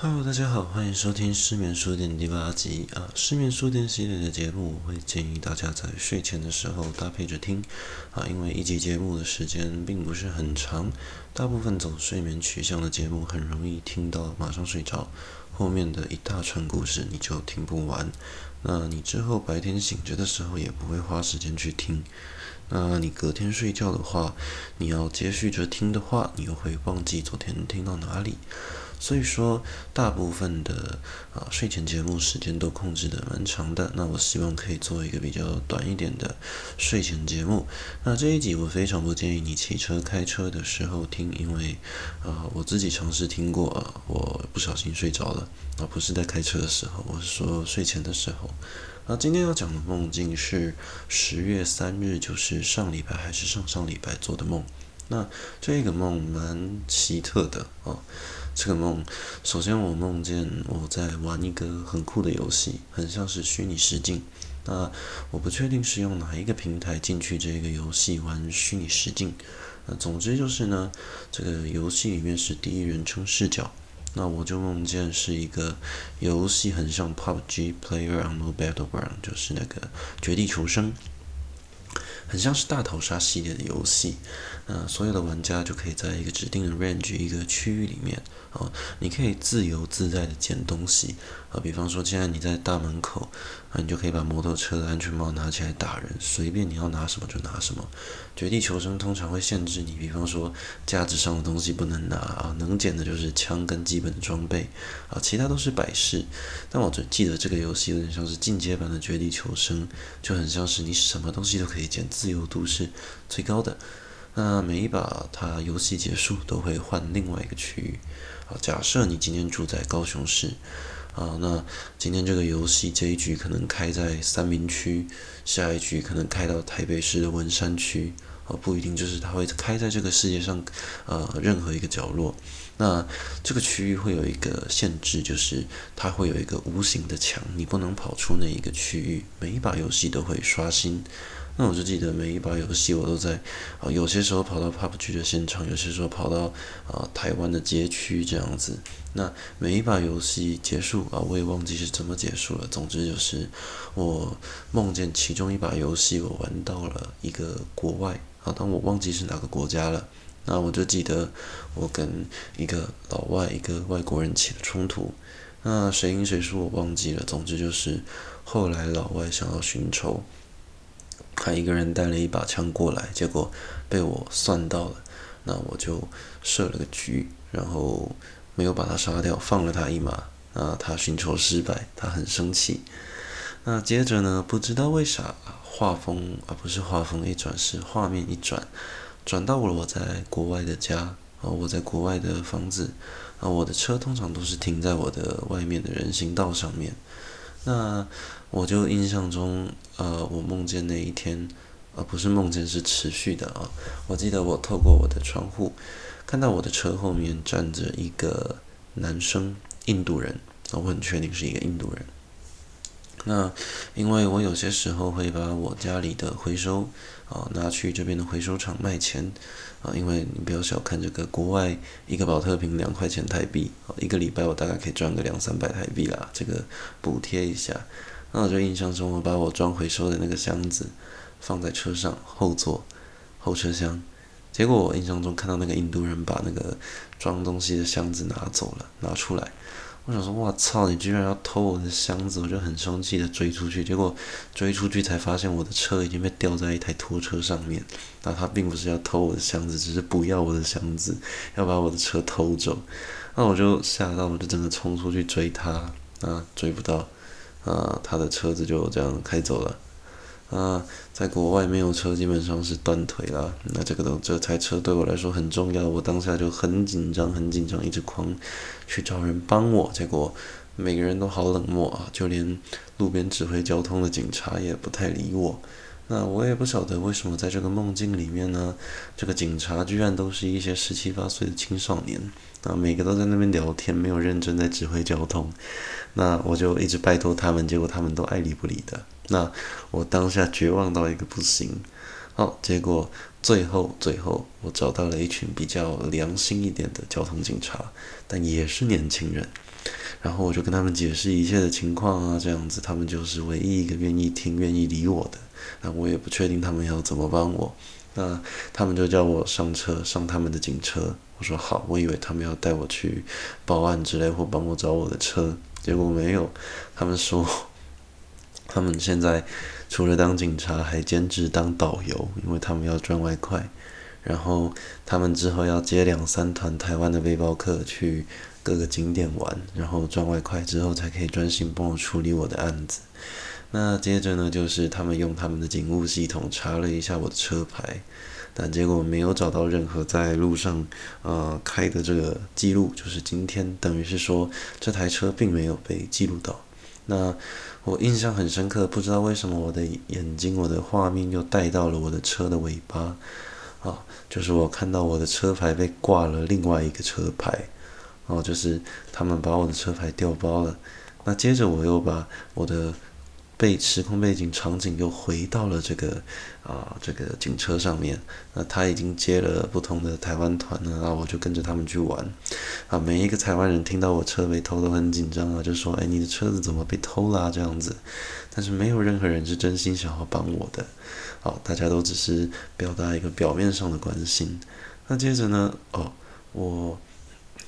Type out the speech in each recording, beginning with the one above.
哈嘍，大家好，歡迎收聽失眠書店第八集啊。失眠書店系列的節目，我會建議大家在睡前的時候搭配着聽啊，因為一集節目的時間並不是很長，大部分走睡眠取向的節目很容易聽到馬上睡着，後面的一大串故事你就聽不完。那你之後白天醒着的時候也不會花時間去聽。那你隔天睡覺的話，你要接續着聽的話，你又會忘記昨天聽到哪裡。所以說，大部分的啊睡前節目時間都控制得蠻長的。那我希望可以做一個比較短一點的睡前節目。那這一集我非常不建議你騎車開車的時候聽，因為啊，我自己嘗試聽過，啊，我不小心睡着了。啊，不是在開車的時候，我是說睡前的時候。那，啊，今天要講的夢境是十月三日，就是上禮拜還是上上禮拜做的夢。那這個夢蠻奇特的啊。這個夢，首先我夢見我在玩一個很酷的遊戲，很像是虛擬實境。那我不確定是用哪一個平台進去這個遊戲玩虛擬實境。那總之就是呢，這個遊戲裡面是第一人稱視角。那我就夢見是一個遊戲，很像《PUBG Player on the Battleground》，就是那個《絕地求生》。很像是大逃殺系列的遊戲，那、呃、所有的玩家就可以在一個指定的 range 一個區域裡面，哦，你可以自由自在的撿東西，呃，比方說現在你在大門口。啊，你就可以把摩托車的安全帽拿起來打人，隨便你要拿什麼就拿什麼。絕地求生通常會限制你，比方說架子上的東西不能拿啊，能撿的就是槍跟基本的裝備啊，其他都是擺飾。但我只記得這個遊戲有點像是進階版的絕地求生，就很像是你什麼東西都可以撿，自由度是最高的。那每一把它遊戲結束都會換另外一個區域啊，假設你今天住在高雄市。啊、呃，那今天這個遊戲這一局可能開在三民區，下一局可能開到台北市的文山區，啊、呃，不一定，就是它會開在這個世界上，呃，任何一個角落。那這個區域會有一個限制，就是它會有一個無形的牆，你不能跑出那一個區域。每一把遊戲都會刷新。那我就記得每一把遊戲，我都在啊，有些時候跑到 pub 區的現場，有些時候跑到啊台灣的街區這樣子。那每一把遊戲結束啊，我也忘記是怎麼結束了。總之就是我夢見其中一把遊戲，我玩到了一個國外啊，當我忘記是哪個國家了。那我就記得我跟一個老外、一個外國人起了衝突。那誰贏誰輸我忘記了。總之就是後來老外想要尋仇。他一個人帶了一把槍過來，結果被我算到了，那我就設了個局，然後沒有把他殺掉，放了他一馬。那他尋仇失敗，他很生氣。那接着呢，不知道為啥畫風啊，不是畫風一轉是畫面一轉，轉到了我在國外的家，我在國外的房子，那我的車通常都是停在我的外面的人行道上面。那我就印象中，呃，我夢見那一天，而，呃，不是夢見，是持續的啊，哦。我記得我透過我的窗戶，看到我的車後面站着一個男生，印度人，我很確定是一個印度人。那，因為我有些時候會把我家裡的回收，啊、哦，拿去這邊的回收廠賣錢，啊、哦，因為你不要小看這個，國外一個寶特瓶兩塊錢台幣，啊，一個禮拜我大概可以賺個兩三百台幣啦，這個補貼一下。那我就印象中，我把我裝回收的那個箱子放在車上後座後車廂，結果我印象中看到那個印度人把那個裝東西的箱子拿走了，拿出來。我想說，我操！你居然要偷我的箱子，我就很生氣的追出去。結果追出去才發現，我的車已經被吊在一台拖車上面。那他並不是要偷我的箱子，只是不要我的箱子，要把我的車偷走。那我就嚇到，我就真的衝出去追他。啊，追不到，啊，他的車子就這樣開走了。啊、呃，在國外沒有車基本上是斷腿了。那這個都，這台車對我來說很重要，我當下就很緊張，很緊張，一直狂去找人幫我。結果每個人都好冷漠啊，就連路邊指揮交通的警察也不太理我。那我也不曉得為什麼在這個夢境裡面呢，這個警察居然都是一些十七八歲的青少年啊，那每個都在那邊聊天，沒有認真在指揮交通。那我就一直拜託他們，結果他們都愛理不理的。那我當下絕望到一個不行，好，結果最後最後我找到了一群比較良心一點的交通警察，但也是年輕人，然後我就跟他們解釋一切的情況啊，這樣子，他們就是唯一一個願意聽、願意理我的。那我也不確定他們要怎麼幫我，那他們就叫我上車，上他們的警車，我說好，我以為他們要帶我去報案之類，或幫我找我的車，結果沒有，他們說。他們現在除了當警察，還兼職當導遊，因為他們要賺外快。然後他們之後要接兩三團台灣的背包客去各個景點玩，然後賺外快之後才可以專心幫我處理我的案子。那接着呢，就是他們用他們的警務系統查了一下我的車牌，但結果沒有找到任何在路上呃開的這個記錄，就是今天，等於是說這台車並沒有被記錄到。那我印象很深刻，不知道為什麼我的眼睛，我的畫面又帶到了我的車的尾巴，啊，就是我看到我的車牌被掛了另外一個車牌，哦，就是他們把我的車牌掉包了。那接着我又把我的。被時空背景場景又回到了這個，啊、呃，這個警車上面，那他已經接了不同的台灣團了，那我就跟着他們去玩，啊，每一個台灣人聽到我車被偷都很緊張啊，就說，哎，你的車子怎麼被偷啦、啊？這樣子，但是沒有任何人是真心想要幫我的，好、哦，大家都只是表達一個表面上的關心。那接着呢，哦，我。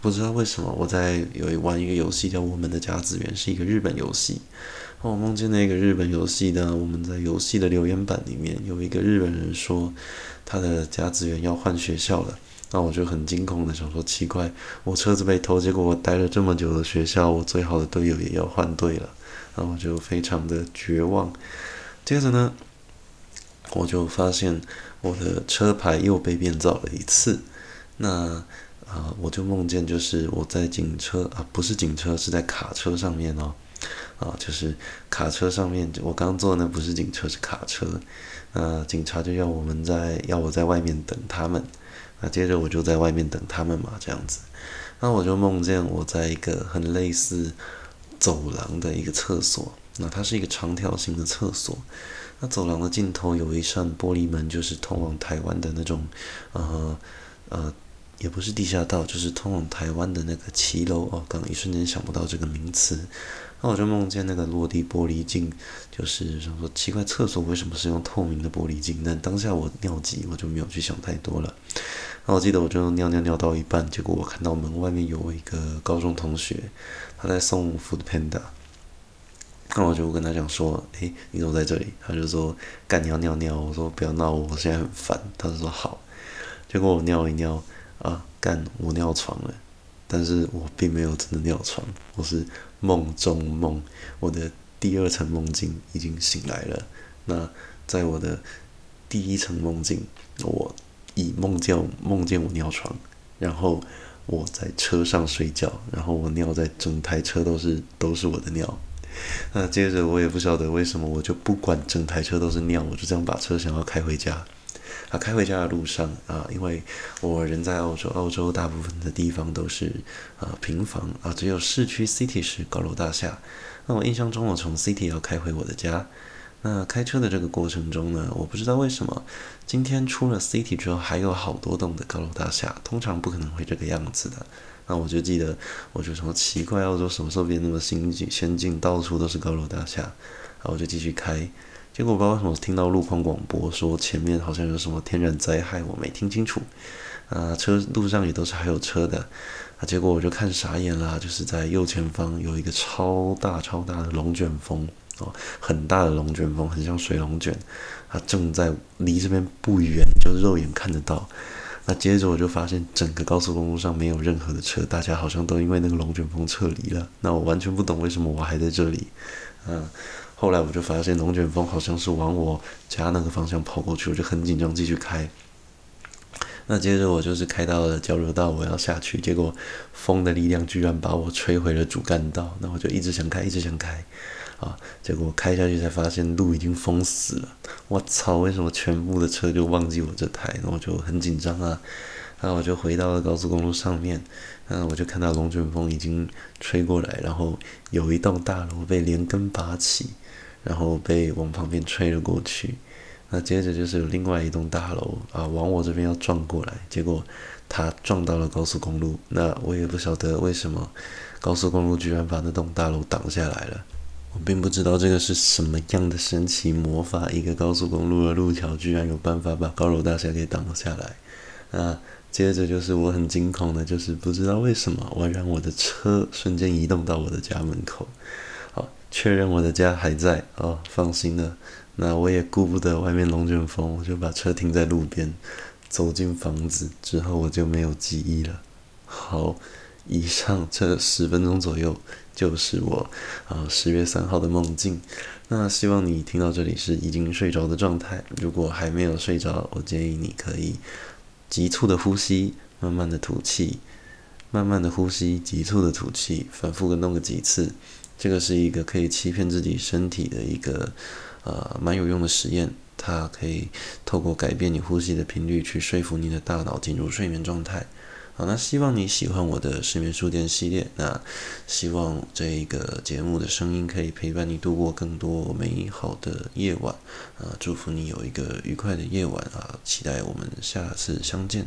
不知道為什麼，我在有玩一個遊戲叫《我們的甲子園》，是一個日本遊戲。我夢見那個日本遊戲呢，我們在遊戲的留言板裡面有一個日本人說，他的甲子園要換學校了。那我就很驚恐的想說，奇怪，我車子被偷，結果我待了這麼久的學校，我最好的隊友也要換隊了。那我就非常的絕望。接着呢，我就發現我的車牌又被變造了一次。那啊、呃，我就夢見就是我在警車啊、呃，不是警車，是在卡車上面哦，啊、呃，就是卡車上面，我剛坐那不是警車是卡車，呃，警察就要我們在要我在外面等他們，那、呃、接着我就在外面等他們嘛，這樣子，那、呃、我就夢見我在一個很類似走廊的一個廁所，那、呃、它是一個長條形的廁所，那、呃、走廊的盡頭有一扇玻璃門，就是通往台灣的那種，呃呃。也不是地下道，就是通往台灣的那個騎樓哦。剛剛一瞬間想不到這個名詞，那我就夢見那個落地玻璃鏡，就是想說奇怪，廁所為什麼是用透明的玻璃鏡？但當下我尿急，我就沒有去想太多了。那我記得我就尿尿尿到一半，結果我看到門外面有一個高中同學，他在送 Food Panda。那我就跟他講說：“誒，你怎麼在這裡？”他就說：“幹，你要尿尿？”我說：“不要鬧我，我現在很煩。”他就說：“好。”結果我尿一尿。啊，幹！我尿床了，但是我並沒有真的尿床，我是夢中夢，我的第二層夢境已經醒來了。那在我的第一層夢境，我以夢叫夢見我尿床，然後我在車上睡覺，然後我尿在整台車都是都是我的尿。那接着我也不曉得為什麼，我就不管整台車都是尿，我就這樣把車想要開回家。啊，開回家的路上啊，因為我人在澳洲，澳洲大部分的地方都是啊平房啊，只有市區 city 是高樓大廈。那我印象中，我從 city 要開回我的家。那開車的這個過程中呢，我不知道為什麼今天出了 city 之後還有好多棟的高樓大廈，通常不可能會這個樣子的。那我就記得，我就說奇怪，澳洲什麼時候變得那麼新先進，先進到處都是高樓大廈？然後啊我就繼續開。結果不知道為什麼我聽到路況廣播說前面好像有什麼天然災害，我沒聽清楚。啊、呃，車路上也都是還有車的。啊，結果我就看傻眼了，就是在右前方有一個超大超大的龍捲風哦，很大的龍捲風，很像水龍捲，它、啊、正在離這邊不遠，就肉眼看得到。那接着我就發現整個高速公路上沒有任何的車，大家好像都因為那個龍捲風撤離了。那我完全不懂為什麼我還在這裡，啊。後來我就發現龍捲風好像是往我家那個方向跑過去，我就很緊張，繼續開。那接着我就是開到了交流道，我要下去，結果風的力量居然把我吹回了主幹道。那我就一直想開，一直想開，啊！結果開下去才發現路已經封死了。我操，為什麼全部的車就忘記我這台？那我就很緊張啊。那我就回到了高速公路上面，那我就看到龍捲風已經吹過來，然後有一棟大樓被連根拔起，然後被往旁邊吹了過去。那接着就是有另外一棟大樓啊往我這邊要撞過來，結果他撞到了高速公路。那我也不曉得為什麼高速公路居然把那棟大樓擋下來了。我並不知道這個是什麼樣的神奇魔法，一個高速公路的路橋居然有辦法把高樓大廈給擋了下來。那接着就是我很驚恐的，就是不知道為什麼，我讓我的車瞬間移動到我的家門口。好，確認我的家還在哦，放心了。那我也顧不得外面龍捲風，我就把車停在路邊，走進房子之後我就沒有記憶了。好，以上這十分鐘左右就是我啊十月三號的夢境。那希望你聽到這裡是已經睡着的狀態，如果還沒有睡着，我建議你可以。急促的呼吸，慢慢的吐氣，慢慢的呼吸，急促的吐氣，反覆的弄個幾次。這個是一個可以欺騙自己身體的一個，呃，蠻有用的實驗，它可以透過改變你呼吸的頻率，去說服你的大腦進入睡眠狀態。好，那希望你喜歡我的失眠書店系列。那希望這個節目的聲音可以陪伴你度過更多美好的夜晚。啊、呃，祝福你有一個愉快的夜晚啊！期待我們下次相見。